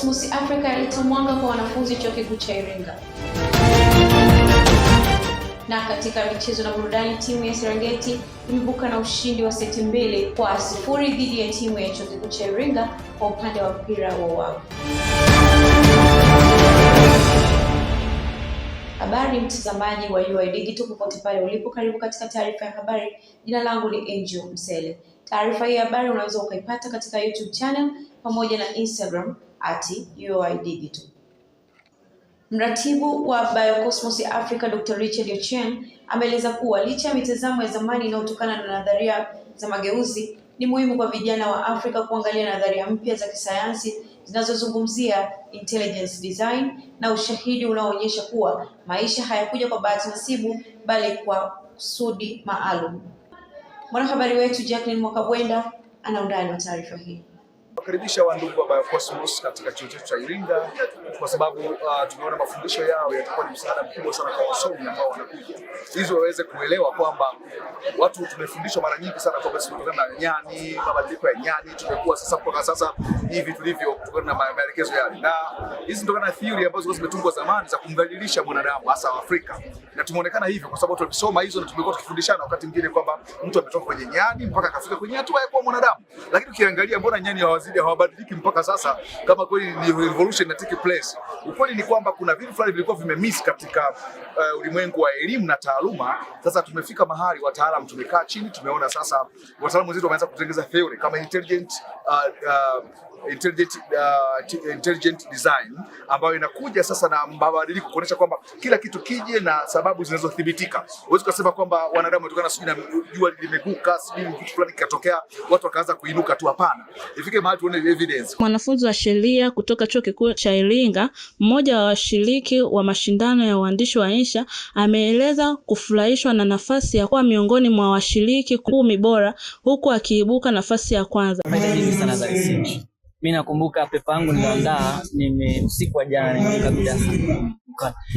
Cosmos Africa yaleta mwanga kwa wanafunzi chuo kikuu cha Iringa. Na katika michezo na burudani, timu ya Serengeti imebuka na ushindi wa seti mbili kwa sifuri dhidi ya timu ya chuo kikuu cha Iringa kwa upande wa mpira wa wavu. Habari mtazamaji wa UoI Digital popote pale ulipo, karibu katika taarifa ya habari. Jina langu ni Angel Msele. Taarifa hii ya habari unaweza ukaipata katika YouTube channel pamoja na Instagram at UoI Digital. Mratibu wa Biocosmos ya Africa Dr. Richard Ochieng ameeleza kuwa licha ya mitazamo ya zamani inayotokana na nadharia za mageuzi, ni muhimu kwa vijana wa Afrika kuangalia nadharia mpya za kisayansi zinazozungumzia intelligence design na ushahidi unaoonyesha kuwa maisha hayakuja kwa bahati nasibu, bali kwa kusudi maalum. Mwanahabari wetu Jacqueline Mwakabwenda ana undani wa taarifa hii. Wakaribisha wandugu wa Biocosmos katika chuo chetu cha Iringa kwa sababu uh, tumeona mafundisho yao yatakuwa ni msaada mkubwa sana kwa wasomi ambao wanakuja hizo waweze kuelewa kwamba watu tumefundishwa mara nyingi sana kwamba kutokana na nyani, mabadiliko ya nyani tumekuwa sasa kwa sasa hivi tulivyo kutokana na maelekezo yale, na hizi kutokana na theory ambazo zilikuwa zimetungwa zamani za kumdhalilisha mwanadamu hasa Afrika, na tumeonekana hivyo kwa sababu tulisoma hizo na tumekuwa tukifundishana wakati mwingine kwamba mtu ametoka kwenye nyani mpaka akafika kwenye hatua ya kuwa mwanadamu, lakini ukiangalia mbona nyani hawazi Wazidi hawabadiliki mpaka sasa, kama kweli ni revolution na take place. Ukweli ni kwamba kuna vitu fulani vilikuwa vimemiss katika uh, ulimwengu wa elimu na taaluma. Sasa tumefika mahali wataalamu tumekaa chini, tumeona sasa wataalamu wenzetu wameanza kutengeneza theory kama intelligent uh, uh, Intelligent, uh, intelligent design ambayo inakuja sasa na mabadiliko kuonesha kwamba kila kitu kije na sababu zinazothibitika. Huwezi kusema kwamba wanadamu wametokana sijui na jua limeguka sijui kitu fulani kikatokea watu wakaanza kuinuka tu, hapana. Ifike mahali tuone evidence. Mwanafunzi wa sheria kutoka Chuo Kikuu cha Iringa, mmoja wa washiriki wa mashindano ya uandishi wa insha, ameeleza kufurahishwa na nafasi ya kuwa miongoni mwa washiriki kumi bora, huku akiibuka nafasi ya kwanza mi nakumbuka pepa yangu niliandaa nime usiku wa jana nikakabidha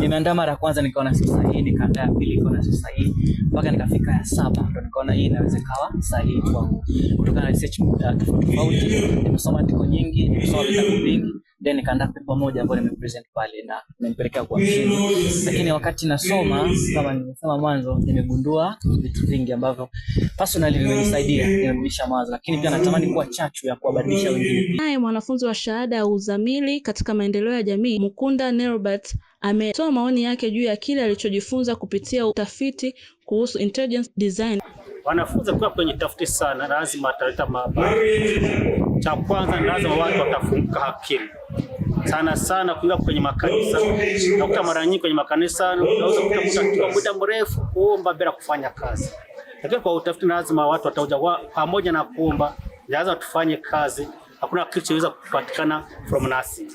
nimeandaa mara ya kwanza nikaona si sahihi, nikaandaa ya pili ikaona si sahihi, mpaka nikafika ya saba ndo nikaona hii inaweza kawa sahihi kwangu, kutokana na research uh, tofauti. Nimesoma tiko nyingi, nimesoma vitabu vingi then nikaandaa pepa moja ambayo nimepresent pale na nimempelekea kwa mshindi. Lakini wakati nasoma, kama nimesema mwanzo, nimegundua vitu vingi ambavyo personally vimenisaidia, nimebadilisha mawazo, lakini pia natamani kuwa chachu ya kuwabadilisha wengine. Naye mwanafunzi wa shahada ya uzamili katika maendeleo ya jamii Mukunda Nelbert ametoa maoni yake juu ya kile alichojifunza kupitia utafiti kuhusu intelligence design. Wanafunzi kwa kwenye tafiti sana, lazima ataleta maabara. Cha kwanza lazima watu watafunguka akili sana sana, kuingia kwenye makanisa. Nakuta mara nyingi kwenye makanisa unaweza kukuta muda mrefu kuomba bila kufanya kazi, lakini kwa utafiti lazima watu watakuja pamoja na kuomba, lazima tufanye kazi. Hakuna kitu chaweza kupatikana from nothing.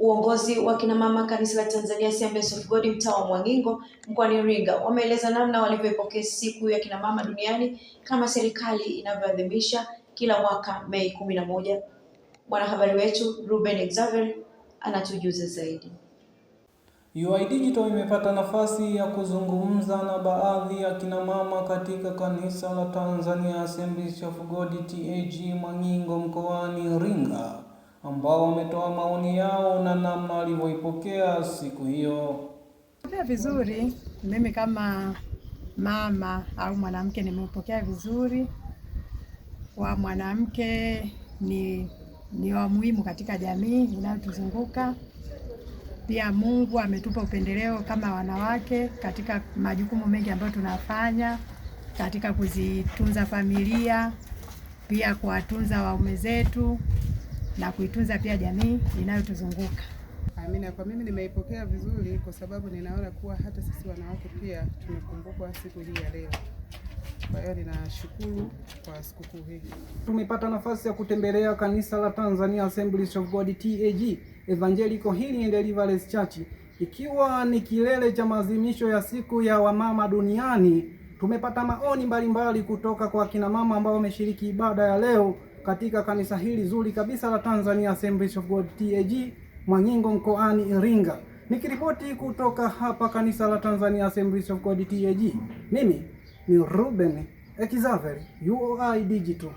Uongozi wa kinamama kanisa la Tanzania Assemblies of God mtaa wa Mwangingo mkoani Iringa wameeleza namna walivyoipokea siku ya kinamama duniani kama serikali inavyoadhimisha kila mwaka Mei kumi na moja. Mwanahabari wetu Ruben Xavier anatujuza zaidi. UoI Digital imepata nafasi ya kuzungumza na baadhi ya kinamama katika kanisa la Tanzania Assemblies of God TAG Mwangingo mkoani Iringa ambao wametoa maoni yao na namna walivyoipokea siku hiyo. Pokea vizuri. Mimi kama mama au mwanamke nimepokea vizuri. Kwa mwanamke ni ni wa muhimu katika jamii inayotuzunguka. Pia Mungu ametupa upendeleo kama wanawake katika majukumu mengi ambayo tunafanya katika kuzitunza familia, pia kuwatunza waume zetu na kuitunza pia jamii inayotuzunguka. Amina, kwa mimi nimeipokea vizuri, kwa sababu ninaona kuwa hata sisi wanawake pia tumekumbukwa siku hii ya leo. Kwa hiyo ninashukuru kwa sikukuu hii. Tumepata nafasi ya kutembelea kanisa la Tanzania Assemblies of God TAG Evangelical Healing and Deliverance Church, ikiwa ni kilele cha maadhimisho ya siku ya wamama duniani. Tumepata maoni mbalimbali mbali kutoka kwa kina mama ambao wameshiriki ibada ya leo katika kanisa hili zuri kabisa la Tanzania Assemblies of God TAG Mwangingo mkoani Iringa. Nikiripoti kutoka hapa kanisa la Tanzania Assemblies of God TAG, mimi ni Ruben Exavery UOI Digital.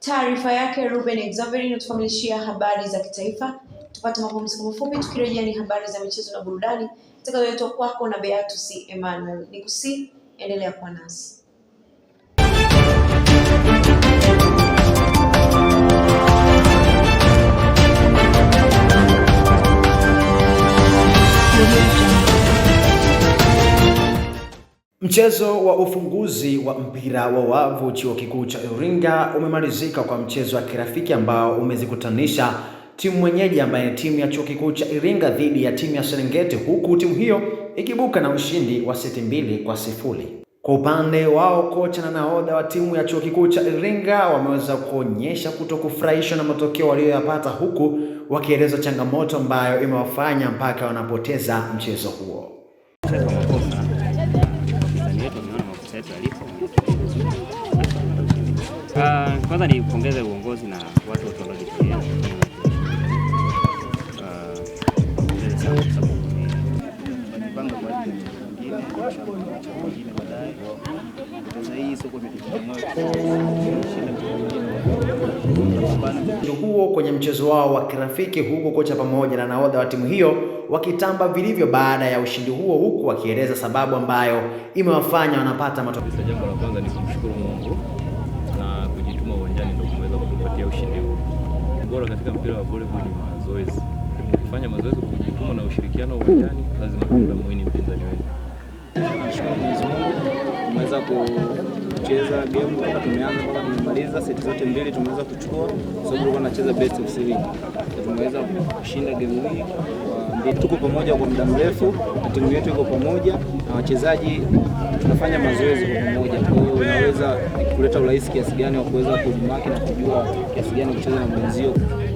Taarifa yake Ruben Exavery inatufamilishia habari za kitaifa. Tupate mapumziko mafupi, tukirejea ni habari za michezo na burudani zitakazoletwa kwako na Beatus Emmanuel. Nikusi endelea kuwa nasi. Mchezo wa ufunguzi wa mpira wa wavu chuo kikuu cha Iringa umemalizika kwa mchezo wa kirafiki ambao umezikutanisha timu mwenyeji ambaye ni timu ya chuo kikuu cha Iringa dhidi ya timu ya Serengeti, huku timu hiyo ikibuka na ushindi wa seti mbili kwa sifuri. Kwa upande wao, kocha na nahodha wa timu ya chuo kikuu cha Iringa wameweza kuonyesha kutokufurahishwa na matokeo waliyoyapata, huku wakieleza changamoto ambayo imewafanya mpaka wanapoteza mchezo huo. kwanza ni nipongeze uongozi na watu wa wote pia huo kwenye mchezo wao wa kirafiki huku kocha pamoja na nahodha wa timu hiyo wakitamba vilivyo baada ya ushindi huo, huku wakieleza sababu ambayo imewafanya wanapata matokeo. Jambo la kwanza ni kumshukuru Mungu ya ushindi huu. Bora katika mpira wa volleyball ni mazoezi. Ukifanya mazoezi kwa kujituma na ushirikiano uwanjani, lazima utamuini mpinzani wenu. Nashukuru Mwenyezi Mungu tumeweza kucheza game kutoka tumeanza mpaka tumemaliza, seti zote mbili tumeweza kuchukua, sababu tulikuwa tunacheza best of three. Tumeweza kushinda game hii, tuko pamoja kwa muda mrefu na timu yetu iko pamoja na wachezaji tunafanya mazoezi kwa pamoja, kwa hiyo unaweza kuleta urahisi kiasi gani wa kuweza kujimaki na kujua kiasi gani kucheza na mwenzio.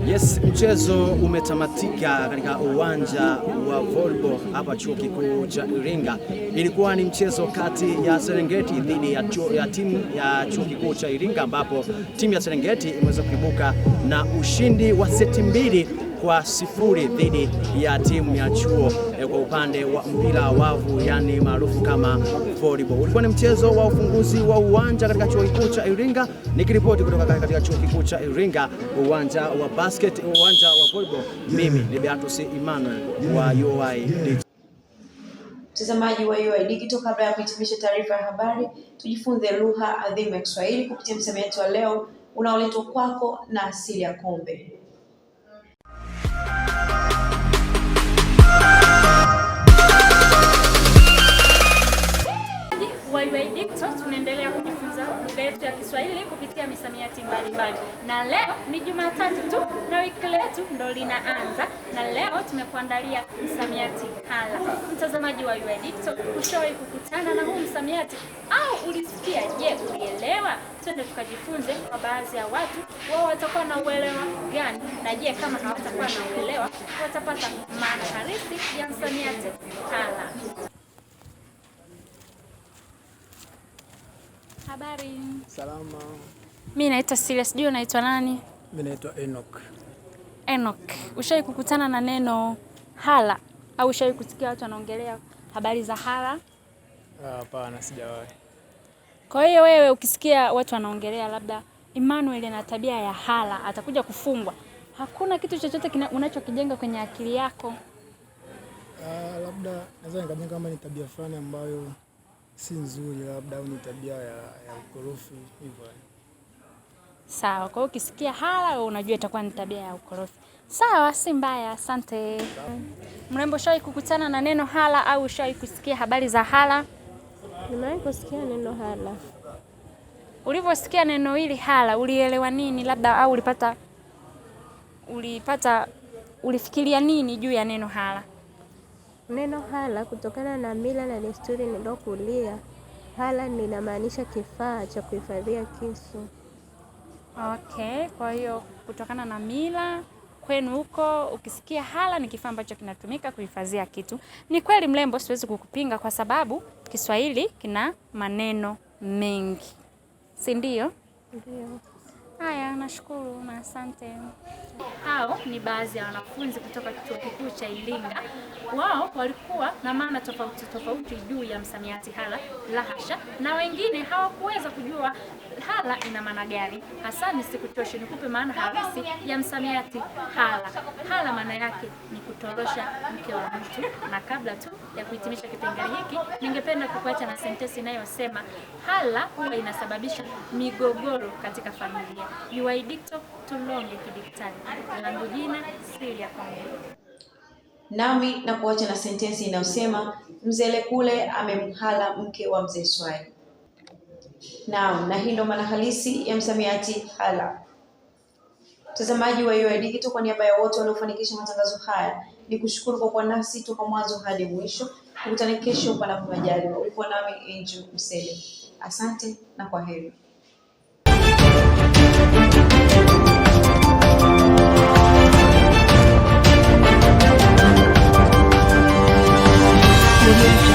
Yes, mchezo umetamatika katika uwanja wa volleyball hapa chuo kikuu cha Iringa. Ilikuwa ni mchezo kati ya Serengeti dhidi ya, ya timu ya chuo kikuu cha Iringa ambapo timu ya Serengeti imeweza kuibuka na ushindi wa seti mbili kwa sifuri dhidi ya timu ya chuo eh, kwa upande wa mpira wavu yani maarufu kama volleyball. Ulikuwa ni mchezo wa ufunguzi wa uwanja katika chuo kikuu cha Iringa. Nikiripoti kutoka katika chuo kikuu cha Iringa, uwanja wa basket, uwanja wa volleyball, mimi ni Beatus Emmanuel wa UoI Mtazamaji wa UoI Digital, kabla ya kuhitimisha taarifa ya habari, tujifunze lugha adhimu ya Kiswahili kupitia msamiati wa leo unaoletwa kwako na Asili ya Kombe. Mtoto tunaendelea kujifunza lugha yetu ya Kiswahili kupitia misamiati mbalimbali, na leo ni Jumatatu tu na wiki letu ndo linaanza, na leo tumekuandalia msamiati hala. Mtazamaji wa UoI Digital, ushawahi kukutana na huu msamiati au ulisikia? Je, ulielewa? Twende tukajifunze kwa baadhi ya watu, wao watakuwa na uelewa gani, na je kama hawatakuwa na uelewa watapata maana halisi ya msamiati hala. Habari. Salama. Mimi naitwa Silas, sijui unaitwa nani? Mimi naitwa Enoch. Enoch, ushawahi kukutana na neno hala au ushawahi kusikia watu wanaongelea habari za hala? Hapana, sijawahi. Kwa hiyo wewe ukisikia watu wanaongelea labda Emmanuel ana tabia ya hala, atakuja kufungwa, hakuna kitu chochote unachokijenga kwenye akili yako? Uh, labda naweza nikajenga kama ni tabia fulani ambayo si nzuri labda au ni tabia ya, ya ukorofi hivyo. Sawa, kwa hiyo ukisikia hala unajua itakuwa ni tabia ya ukorofi. Sawa, si mbaya, asante. Mrembo, ushawahi kukutana na neno hala au ushawahi kusikia habari za hala? Nimewahi kusikia neno hala. Ulivyosikia neno hili hala, ulielewa nini labda au ulipata ulipata ulifikiria nini juu ya neno hala? Neno hala kutokana na mila na desturi kulia, hala linamaanisha kifaa cha kuhifadhia kisu. Okay, kwa hiyo kutokana na mila kwenu huko ukisikia hala ni kifaa ambacho kinatumika kuhifadhia kitu. Ni kweli mrembo, siwezi kukupinga kwa sababu Kiswahili kina maneno mengi, si ndio? Ndio. Haya, nashukuru na asante. Hao ni baadhi ya wanafunzi kutoka kituo Kikuu cha Iringa. Wao walikuwa na maana tofauti tofauti juu ya msamiati hala, lahasha, na wengine hawakuweza kujua hala ina maana gani. Hasa nisikuchoshe, nikupe maana halisi ya msamiati hala. Hala maana yake ni kutorosha mke wa mtu, na kabla tu ya kuhitimisha kipengele hiki, ningependa kukuacha na sentensi inayosema hala huwa inasababisha migogoro katika familia. UoIDICTO Tolonge Kidigitali, langu jina ya kwangu. Nami na kuacha na sentensi inayosema mzee Lekule amemhala mke wa mzee Swai. Naam, na hii ndo maana halisi ya msamiati hala. Mtazamaji wa UoIDICTO, kwa niaba ya wote waliofanikisha matangazo haya, ni kushukuru kwa kuwa nasi toka mwanzo hadi mwisho. Tukutane kesho panapo majaliwa. Ulikuwa nami Angel Msele, asante na kwa heri. Thank you.